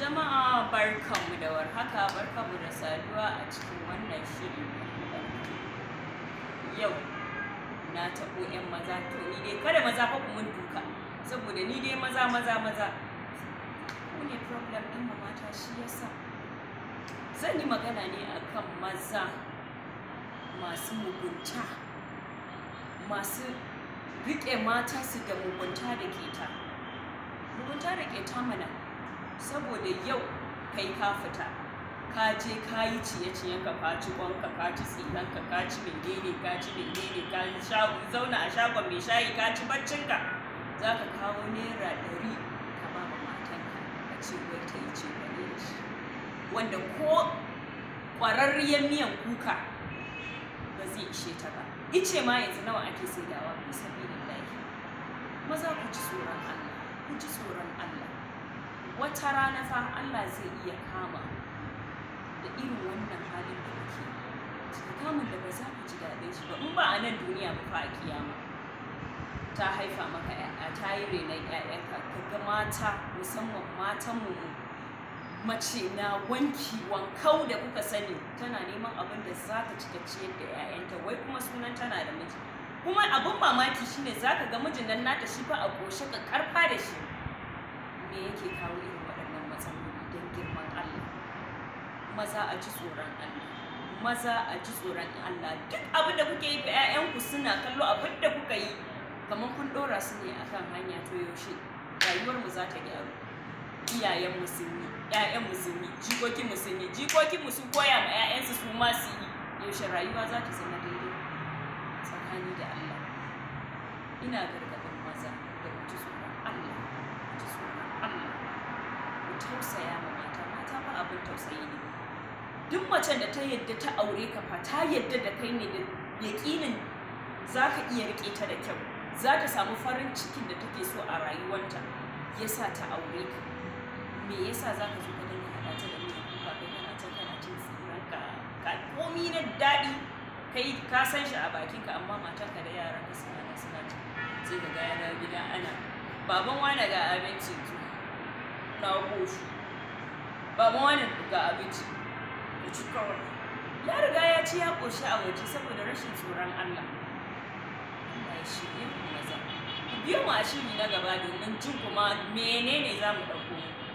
Jama'a barkanmu da warhaka barkanmu da saduwa a cikin wannan shiri yau na taɓo 'yan maza to ni dai kada maza fa ku mun duka saboda ni dai maza maza maza ku ne problem ɗin mu mata shi yasa zan yi magana ne akan maza masu mugunta masu riƙe mata su da mugunta da ke ta. mugunta da ta mana saboda yau kai ka fita ka je ka yi ciye-ciyen ka kaci ci ka ci tsinan ka ka ci ka ci menene ka zauna a shagon mai shayi ka ci baccin ka za ka kawo naira ɗari ka ba ma matanka a ce wai ta yi ce wani da shi wanda ko ƙwararriyar miyan kuka ba zai ishe ta ba ice ma yanzu nawa ake saidawa bisa bi lillahi maza ku ci tsoron Allah ku ji tsoron Allah wata rana fa Allah zai iya kama da irin wannan halin da kake kamun da ba za ka ji daɗin shi ba in ba a nan duniya ba fa a kiyama ta haifa maka 'ya'ya ta yi renon 'ya'yanka. ka ga mata musamman matan mu mace na wanki wankau da kuka sani tana neman abin da za ta cika ciyar da 'ya'yanta wai kuma sunan tana da miji kuma abin mamaki shine za ka ga mijin nan nata shi fa a ƙoshe ka karfa da shi maza a ji tsoron Allah maza a ji tsoron Allah duk abin da kuke yi ga 'ya'yanku suna kallo abin da kuka yi kamar kun ɗora su ne akan hanya to yaushe Rayuwar mu za ta gyaru iyayen musulmi ƴaƴan musulmi jikokin musulmi jikokin musu koya ma ƴaƴansu su ma su yi yaushe rayuwa za ta zama daidai tsakani da Allah ina gargaɗin maza da ku ji tsoron Allah ku ji tsoron Allah ku tausaya ma mata mata ba abin tausayi ne duk macen da ta yadda ta aure ka fa ta yadda da kai ne da yaƙinin za ka iya riƙe ta da kyau za ta samu farin cikin da take so a rayuwarta ya sa ta aure ka me sa za ka zo ka dinga haɗa ta da mai kuka kai kana can kana cin tsiran ka ka komi na daɗi kai ka san shi a bakin ka amma ka da yaran ka suna nan suna ta sai ka ga yana gida ana baban wani ga abinci na goshi baban wani ga abinci ya ci kawai ya riga ya ci ya ƙoshi a waje saboda rashin tsoron Allah Allah ya shirye ku maza ku biyo mu a shiri na gaba domin jin kuma menene za mu ɗauko muku